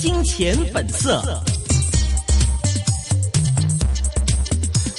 金錢本色。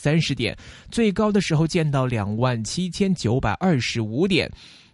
三十點，最高的時候見到兩萬七千九百二十五點。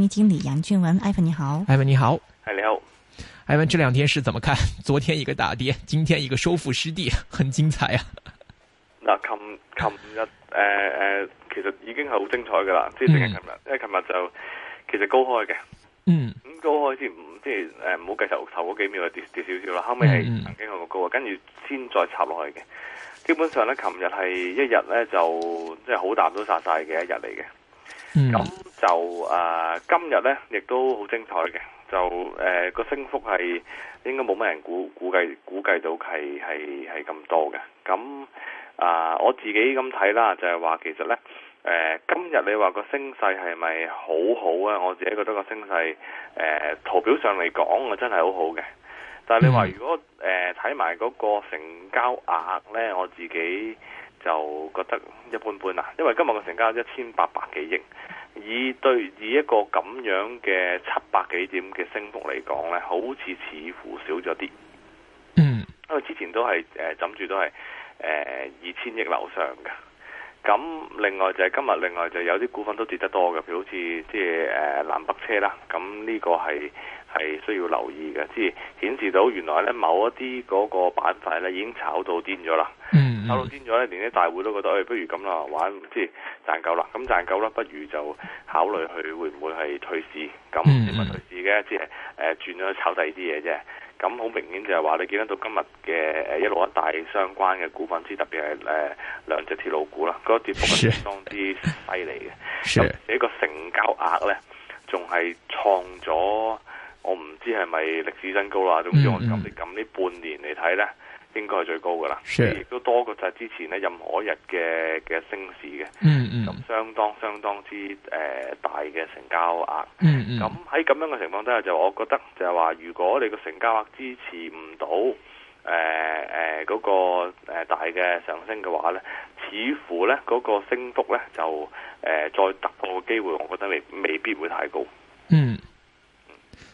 基金經理楊俊文，艾文你好，艾文、hey, 你好，係你好，艾文這兩天是怎麼看？昨天一個大跌，今天一個收復失地，很精彩，啊。嗱，琴琴日誒誒，其實已經係好精彩噶啦，即係淨係琴日，嗯，因為琴日就其實高開嘅，嗯，咁高開先唔即係誒，唔好計頭頭嗰幾秒啊跌跌少少啦，後尾係曾經有個高啊，跟住先再插落去嘅，基本上咧，琴日係一日咧就即係好淡都殺晒嘅一日嚟嘅，咁、嗯。就啊、呃，今日呢，亦都好精彩嘅。就誒個升幅係應該冇乜人估估計估計到係係係咁多嘅。咁啊、呃，我自己咁睇啦，就係、是、話其實呢，誒、呃、今日你話個升勢係咪好好啊？我自己覺得個升勢誒圖、呃、表上嚟講，我真係好好嘅。但係你話如果誒睇埋嗰個成交額呢，我自己就覺得一般般啦，因為今日個成交一千八百幾億。以對以一個咁樣嘅七百幾點嘅升幅嚟講呢，好似似乎少咗啲。嗯，因為之前都係誒、枕、呃、住都係誒、呃、二千億樓上嘅。咁另外就係、是、今日，另外就有啲股份都跌得多嘅，譬如好似即係南北車啦。咁呢個係係需要留意嘅，即係顯示到原來呢某一啲嗰個板塊呢已經炒到癲咗啦。嗯。炒到癲咗咧，連啲大戶都覺得，誒，不如咁啦，玩即係賺夠啦，咁賺夠啦，不如就考慮佢會唔會係退市？咁點乜退市嘅？即係、呃、轉咗炒第二啲嘢啫。咁好明顯就係話，你見得到今日嘅一路一大相關嘅股份，之特別係、呃、兩隻鐵路股啦，嗰個跌幅係相當之犀利嘅。咁呢 個成交額咧，仲係創咗我唔知係咪歷史新高啦。總之我咁你咁呢半年嚟睇咧。應該係最高噶啦，亦 Sure. 都多過晒之前咧任何一日嘅嘅升市嘅，咁、mm hmm. 相當相當之誒、呃、大嘅成交額。咁喺咁樣嘅情況底下，就我覺得就係話，如果你個成交額支持唔到，誒誒嗰個誒大嘅上升嘅話咧，似乎咧嗰、嗰個升幅咧就誒、呃、再突破嘅機會，我覺得未未必會太高。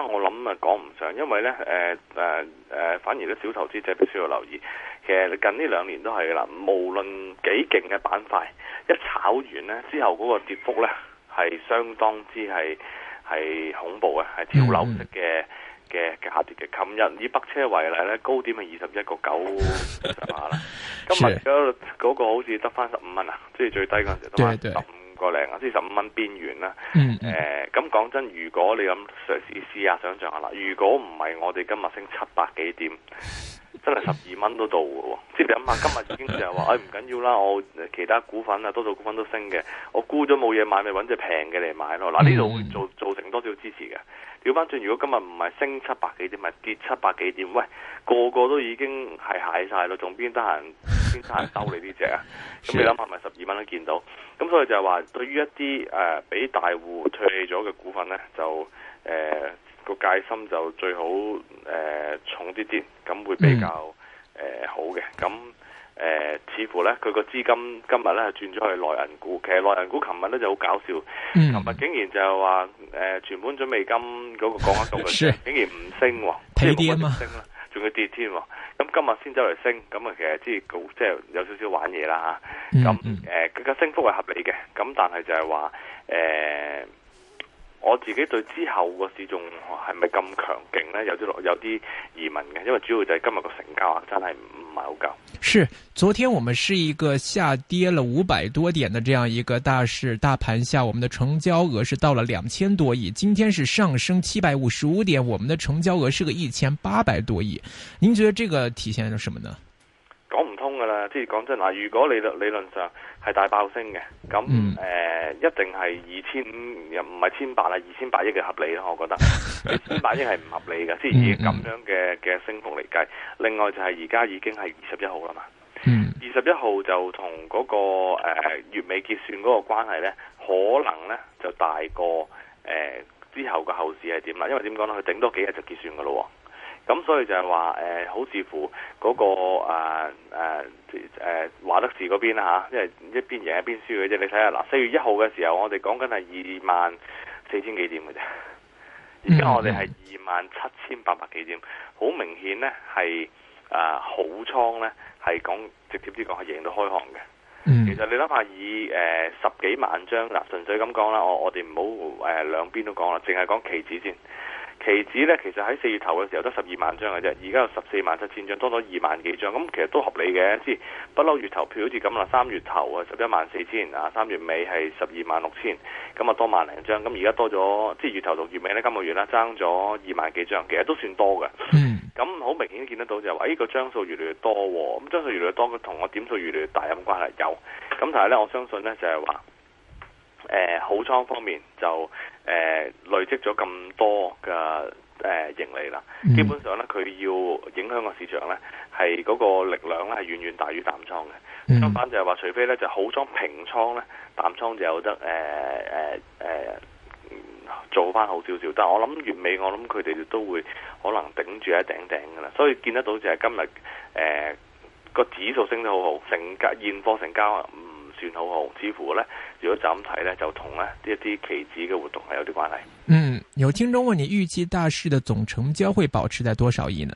我諗啊，講唔上，因為咧，誒誒誒，反而啲小投資者必須要留意。其實近呢兩年都係嘅啦，無論幾勁嘅板塊，一炒完咧之後嗰個跌幅咧，係相當之係係恐怖嘅，係跳樓式嘅嘅下跌嘅。琴日以北車為例咧，高點係二十一個九，咁上下啦。今日嗰個好似得返十五蚊啊，即係最低嗰陣時得返十五。對對對個零啊，四十五蚊邊緣啦。誒、嗯，咁、嗯、講、呃、真，如果你咁嘗試試下想像下啦。如果唔係我哋今日升七百幾點，真係十二蚊都到嘅喎。即你諗下，今日已經就係話，哎唔緊要啦，我其他股份啊，多數股份都升嘅。我沽咗冇嘢買，咪揾隻平嘅嚟買咯。嗱，呢度會造造成多少支持嘅？調翻轉，如果今日唔係升七百幾點，咪、就是、跌七百幾點？喂，個個都已經係蟹晒咯，仲邊得閒？先拆兜你呢隻 啊！咁你諗下咪十二蚊都見到，咁所以就係話對於一啲誒俾大戶退咗嘅股份咧，就誒個、呃、戒心就最好誒、呃、重啲啲，咁會比較誒、嗯呃、好嘅。咁誒、呃、似乎咧佢個資金今日咧係轉咗去內銀股，其實內銀股琴日咧就好搞笑，琴日、嗯、竟然就係話誒存款準備金嗰個降得多嘅， 竟然唔升，即跌升啦，仲要跌添。咁今日先走嚟升，咁啊其實即係有少少玩嘢啦吓，咁誒，佢嘅升幅係合理嘅，咁但係就係話誒。呃我自己對之後個市仲係咪咁強勁呢？有啲有啲疑問嘅，因為主要就係今日個成交啊，真係唔唔係好夠。是，昨天我們是一個下跌了五百多點的這樣一個大市大盤下，我們的成交額是到了兩千多億，今天是上升七百五十五點，我們的成交額是個一千八百多億，您覺得這個體現了什麼呢？即係講真嗱，如果你理論上係大爆升嘅，咁誒、嗯、一定係二千又唔係千八啊，二千八億嘅合理咯，我覺得二千八億係唔合理嘅，即係以咁樣嘅嘅升幅嚟計。另外就係而家已經係二十一號啦嘛，二十一號就同嗰、那個誒、呃、月尾結算嗰個關係咧，可能咧就大過誒、呃、之後嘅後市係點啦，因為點講咧，佢頂多幾日就結算噶咯。咁所以就係話誒，好似乎嗰、嗰個啊誒誒華德士嗰邊啦吓，因為一邊贏一邊輸嘅啫。你睇下，嗱、啊、四月一號嘅時候，我哋講緊係二萬四千幾點嘅啫，而家我哋係二萬七千八百幾點，好明顯咧係啊好倉咧，係講直接啲講係贏到開行嘅。嗯、其實你諗下，以、呃、誒十幾萬張嗱，純、啊、粹咁講啦，我我哋唔好誒兩邊都講啦，淨係講期指先。期指咧，其實喺四月頭嘅時候得十二萬張嘅啫，而家有十四萬七千張，多咗二萬幾張，咁其實都合理嘅。即係不嬲月頭票好似咁啦，三月頭啊十一萬四千啊，三月尾係十二萬六千，咁啊多萬零張，咁而家多咗即係月頭同月尾呢，今個月咧，增咗二萬幾張，其實都算多嘅。嗯，咁好明顯見得到就係話，咦個張數越嚟越多喎，咁張數越嚟越多，佢同我點數越嚟越大有冇關係？有，咁但係咧，我相信咧就係話。誒、呃，好倉方面就誒、呃、累積咗咁多嘅誒、呃、盈利啦，mm. 基本上咧佢要影響個市場咧，係嗰個力量咧係遠遠大於淡倉嘅。Mm. 相反就係話，除非咧就好倉平倉咧，淡倉就有得誒誒誒做翻好少少。但係我諗月尾我諗佢哋都都會可能頂住一頂頂噶啦。所以見得到就係今日誒、呃、個指數升得好好，成交現貨成交啊。轉好，似乎咧，如果就咁睇咧，就同咧一啲期指嘅活動係有啲關係。嗯，有聽眾問你，預計大市嘅總成交會保持在多少億呢？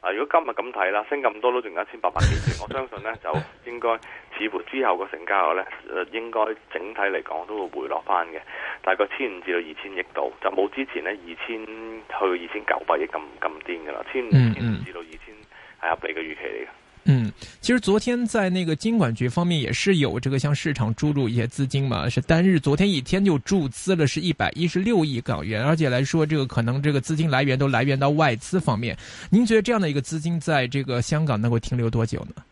啊，如果今日咁睇啦，升咁多都仲有一千八百幾億， 我相信咧就應該似乎之後個成交額咧，誒、呃，應該整體嚟講都會回落翻嘅，大概千五至到二千億度，就冇之前呢，二千去到二千九百億咁咁癲噶啦，千五至到二千係合理嘅預期嚟嘅。嗯嗯嗯，其實昨天在那個金管局方面也是有這個向市場注入一些資金嘛，是單日昨天一天就注資了，是一百一十六億港元，而且來說這個可能這個資金來源都來源到外資方面。您覺得這樣的一個資金在這個香港能夠停留多久呢？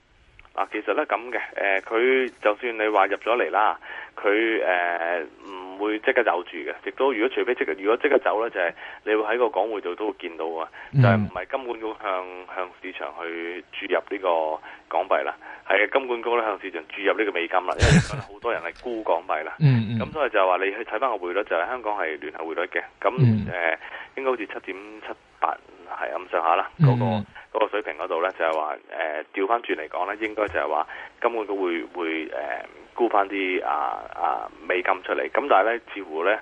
啊，其實呢，咁嘅，誒、呃，佢就算你話入咗嚟啦。佢誒唔會即刻走住嘅，亦都如果除非即係，如果即刻走咧，就係、是、你會喺個港匯度都會見到啊，嗯、就係唔係金管局向向市場去注入呢個港幣啦，係金管局咧向市場注入呢個美金啦， 因為好多人係沽港幣啦，咁、嗯嗯、所以就係話你去睇返個匯率就係、是、香港係聯合匯率嘅，咁誒應該好似七點七八係咁上下啦嗰、那個個水平嗰度咧，就係話誒，調翻轉嚟講咧，應該就係話，根本佢會會誒、呃、沽翻啲啊啊美金出嚟。咁但係咧，似乎咧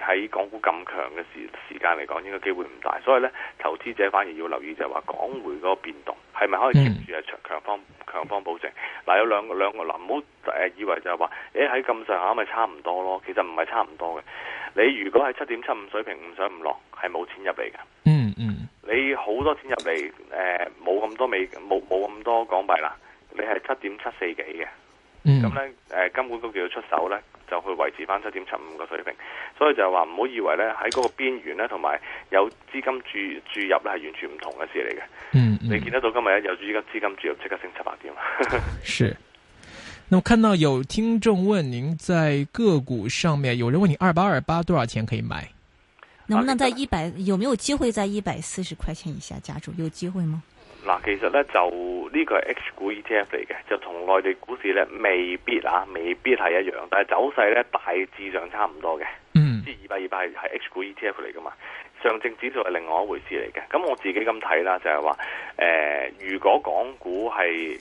喺港股咁強嘅時時間嚟講，應該機會唔大。所以咧，投資者反而要留意就係話港匯嗰個變動係咪可以 keep 住係強強方強方保證？嗱、啊，有兩兩個嗱，唔好誒以為就係話，誒喺咁上下咪差唔多咯。其實唔係差唔多嘅。你如果喺七點七五水平唔上唔落，係冇錢入嚟嘅。你好多錢入嚟？誒、呃，冇咁多美，冇冇咁多港幣啦。你係七點七四幾嘅，咁咧誒，金管局要出手咧，就會維持翻七點七五個水平。所以就係話唔好以為咧喺嗰個邊緣咧，同埋有資金注注入咧係完全唔同嘅事嚟嘅、嗯。嗯，你見得到今日有有依家資金注入，即刻升七八點。 是，那我看到有聽眾問，您在個股上面有人問你二八二八多少錢可以買？能不能在一百、啊？有沒有機會在一百四十塊錢以下加注？有機會嗎？嗱，其實咧就呢個係 H 股 ETF 嚟嘅，就同內地股市咧未必啊，未必係一樣，但係走勢咧大致上差唔多嘅。嗯，即係二百二百係 H 股 ETF 嚟噶嘛？上證指數係另外一回事嚟嘅。咁我自己咁睇啦，就係話誒，如果港股係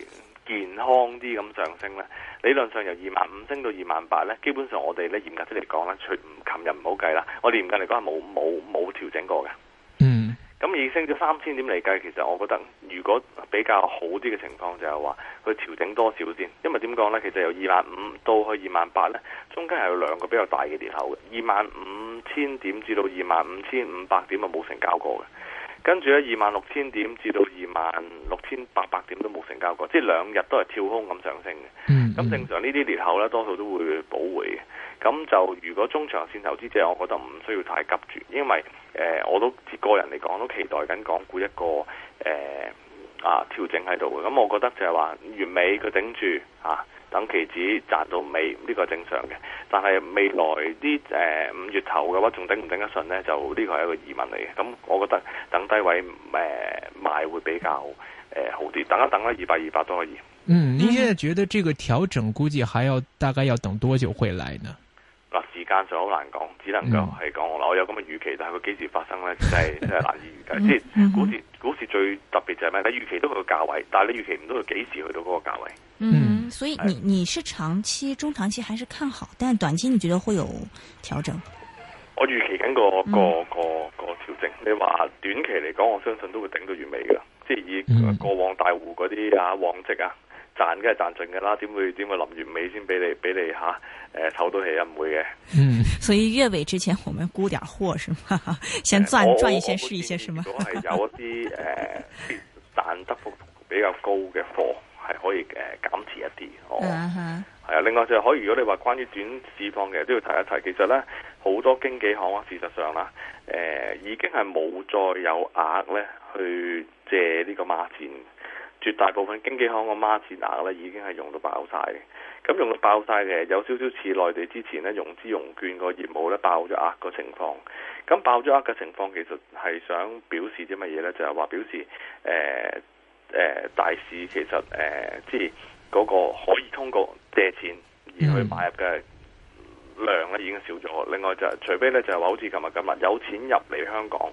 健康啲咁上升咧，理論上由二萬五升到二萬八咧，基本上我哋咧嚴格啲嚟講咧，除琴日唔好計啦，我哋嚴格嚟講係冇冇冇調整過嘅。嗯，咁而升咗三千點嚟計，其實我覺得如果比較好啲嘅情況就係話，佢調整多少先？因為點講咧，其實由二萬五到去二萬八咧，中間係有兩個比較大嘅跌口嘅，二萬五千點至到二萬五千五百點都冇成交過嘅。跟住咧，二萬六千點至到二萬六千八百點都冇成交過，即係兩日都係跳空咁上升嘅。咁、mm hmm. 正常呢啲裂口咧，多數都會補回嘅。咁就如果中長線投資者，我覺得唔需要太急住，因為誒、呃、我都個人嚟講，都期待緊港股一個誒、呃、啊調整喺度嘅。咁我覺得就係話，完美佢頂住啊。等期指賺到尾呢、這個係正常嘅，但係未來啲誒五月頭嘅話，仲頂唔頂得順咧？就呢、這個係一個疑問嚟嘅。咁、嗯、我覺得等低位誒賣、呃、會比較誒好啲、呃，等一等啦，二百二百都可以。嗯，你現在覺得這個調整，估計還要大概要等多久會來呢？嗱，時間上好難講，只能夠係講我有咁嘅預期，但係佢幾時發生咧，真係真係難以預計即係。股市股市最特別就係咩？你預期到佢個價位，但係你預期唔到佢幾時去到嗰個價位。嗯。嗯。所以你你是長期、中長期還是看好？但短期你覺得會有調整？我預期緊個、嗯、個個個調整。你話短期嚟講，我相信都會頂到月尾嘅。即係以過往大戶嗰啲啊，旺積啊，賺梗係賺盡嘅啦。點會點、啊呃、會臨月尾先俾你俾你吓？誒，投到去唔會嘅。嗯， 所以月尾之前我們沽點貨是嗎？先賺、呃、賺一些試一些是嗎？我係 有一啲誒、呃，賺得幅比較高嘅貨。係可以誒減持一啲，哦，係啊、uh huh.。另外就係可以，如果你話關於短市況嘅都要提一提。其實咧，好多經紀行啊，事實上啦，誒、呃、已經係冇再有額咧去借呢個孖展，絕大部分經紀行個孖展額咧已經係用到爆晒嘅。咁用到爆晒嘅，有少少似內地之前咧融資融券個業務咧爆咗額個情況。咁爆咗額嘅情況，其實係想表示啲乜嘢咧？就係、是、話，表示誒。呃誒、呃，大市其實誒，即係嗰個可以通過借錢而去買入嘅量咧，已經少咗。嗯、另外就係、是、除非咧，就係話好似今日今日有錢入嚟香港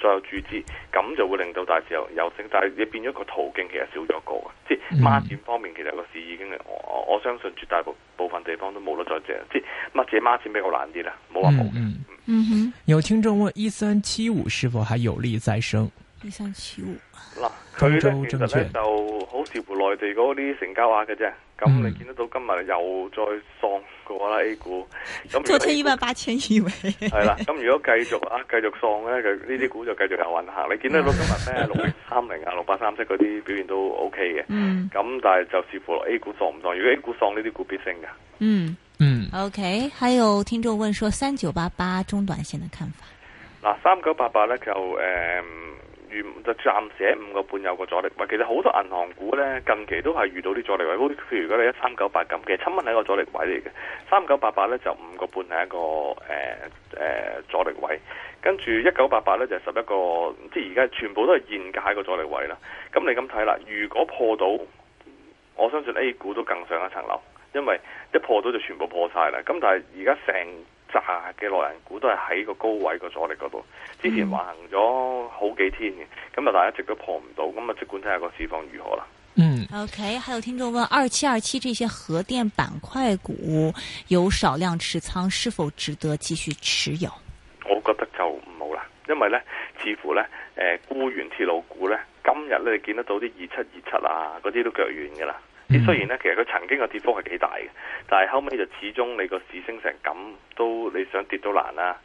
再有注資，咁就會令到大市有有升。但係你變咗個途徑，其實少咗個，即係孖展方面，其實個市已經係我我相信絕大部、部分地方都冇得再借。即係乜嘢孖展比較難啲啦，冇話冇。嗯哼嗯哼，有聽眾問：一三七五是否還有力再升？一三七五。嗱佢咧其實咧就好似乎內地嗰啲成交額嘅啫，咁、嗯、你見得到今日又再喪過啦 A 股，咁添一萬八千億。係啦，咁如果繼續 啊繼續喪咧，佢呢啲股就繼續有運行。嗯、你見得到今日咩六三零啊六八三七嗰啲表現都 O K 嘅，咁、嗯、但係就似乎 A 股喪唔喪？如果 A 股喪，呢啲股必升嘅。嗯嗯，OK，還有聽眾問說三九八八中短線嘅看法。嗱、啊，三九八八咧就誒。嗯就暫時喺五個半有個阻力位，其實好多銀行股呢近期都係遇到啲阻力位，譬如如果你一三九八咁，其實七蚊係一個阻力位嚟嘅，三九八八呢就五個半係一個誒誒、呃呃、阻力位，跟住一九八八呢就十一個，即係而家全部都係現價個阻力位啦。咁你咁睇啦，如果破到，我相信 A 股都更上一層樓，因為一破到就全部破晒啦。咁但係而家成。炸嘅能源股都係喺個高位個阻力嗰度，之前橫咗好幾天嘅，咁啊、嗯、但係一直都破唔到，咁啊即管睇下個市況如何啦。嗯，OK，還有聽眾問二七二七這些核電板塊股有少量持倉，是否值得繼續持有？我覺得就唔好啦，因為咧似乎咧，誒、呃，沽完鐵路股咧，今日咧你見得到啲二七二七啊，嗰啲都腳軟噶啦。你雖然咧，其實佢曾經個跌幅係幾大嘅，但係後尾就始終你個市升成咁，都你想跌都難啦。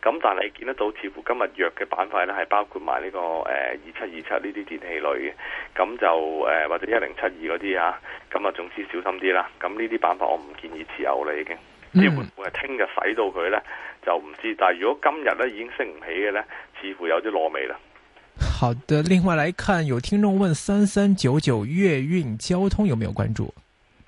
咁但係你見得到，似乎今日弱嘅板塊咧，係包括埋、這、呢個誒二七二七呢啲電器類嘅，咁就誒、呃、或者一零七二嗰啲啊，咁啊總之小心啲啦。咁呢啲板塊我唔建議持有啦已經。嗯。似乎係聽日使到佢咧就唔知，但係如果今日咧已經升唔起嘅咧，似乎有啲攞尾啦。好的，另外來看有聽眾問三三九九粵運交通有沒有關注？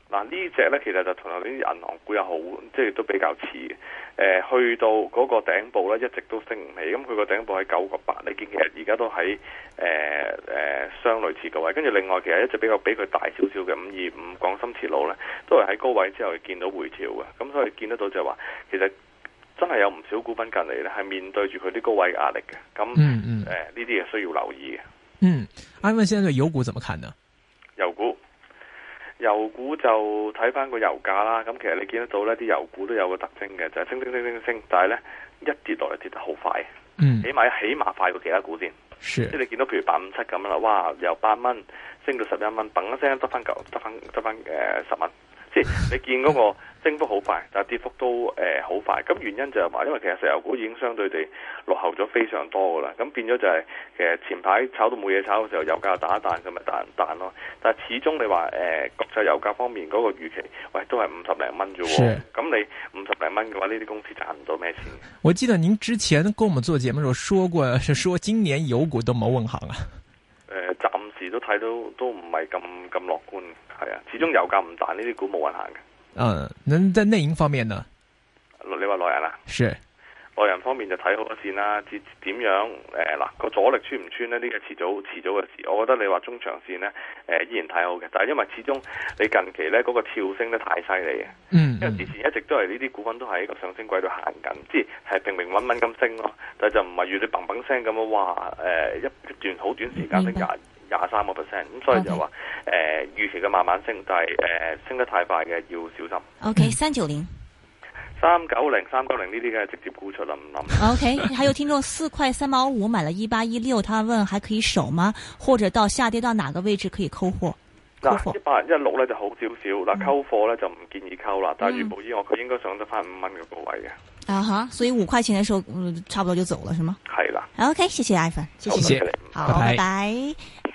嗱，呢隻呢，其實就同啲銀行股又好，即係都比較似嘅。誒、呃，去到嗰個頂部呢，一直都升唔起，咁佢個頂部喺九個八，你見其實而家都喺誒誒相類似嘅位。跟住另外其實一隻比較比佢大少少嘅五二五廣深鐵路呢，都係喺高位之後見到回調嘅，咁、嗯、所以見得到就係話其實。真係有唔少股份近嚟咧，係面對住佢啲高位壓力嘅，咁誒呢啲嘢，需要留意嘅。嗯，安文先生對油股怎麼看呢？油股，油股就睇翻個油價啦。咁其實你見得到呢啲油股都有個特徵嘅，就係、是、升升升升升，但係呢，一跌落嚟跌得好快。嗯，起碼起碼快過其他股先。即係是你見到譬如八五七咁樣啦，哇，由八蚊升到十一蚊，嘣一聲得翻得翻得翻誒十蚊。即係 你見嗰個升幅好快，但係跌幅都誒好快。咁原因就係話，因為其實石油股已經相對地落後咗非常多噶啦。咁變咗就係、是，其、呃、實前排炒到冇嘢炒嘅時候，油價打彈咁咪彈彈咯。但係始終你話誒國際油價方面嗰個預期，喂、哎、都係五十零蚊啫。咁是、嗯、你五十零蚊嘅話，呢啲公司賺唔到咩錢。我記得您之前跟我們做節目時候說過，是說今年油股都冇運行啊。都睇到都唔係咁咁樂觀，係啊，始終油價唔彈，呢啲股冇運行嘅。嗯，咁在內方面呢？你話內人啊？是內人方面就睇好一線、啊呃、啦，點點樣？誒，嗱，個阻力穿唔穿呢呢個遲早遲早嘅事。我覺得你話中長線呢，誒、呃，依然睇好嘅。但係因為始終你近期呢嗰、那個跳升得太犀利嘅，嗯，因為之前一直都係呢啲股份都喺個上升軌度行緊，即係平平穩穩咁升咯，但係就唔係如你砰砰聲咁樣，哇！誒、呃，一段好短時間升價。廿三個 percent，咁所以就話誒預期嘅慢慢升，但係誒升得太快嘅要小心。O K 三九零，三九零三九零呢啲嘅直接沽出啦，唔諗。O K，還有聽眾四塊三毛五買了一八一六，他問還可以守嗎？或者到下跌到哪個位置可以溝貨？嗱，一八一六咧就好少少，嗱溝貨咧就唔建議溝啦。但係如無意外佢應該上得翻五蚊嘅個位嘅。啊吓，所以五塊錢嘅時候，嗯，差不多就走了，是嗎？係啦。O K，謝謝 Ivan，謝謝，好，拜拜。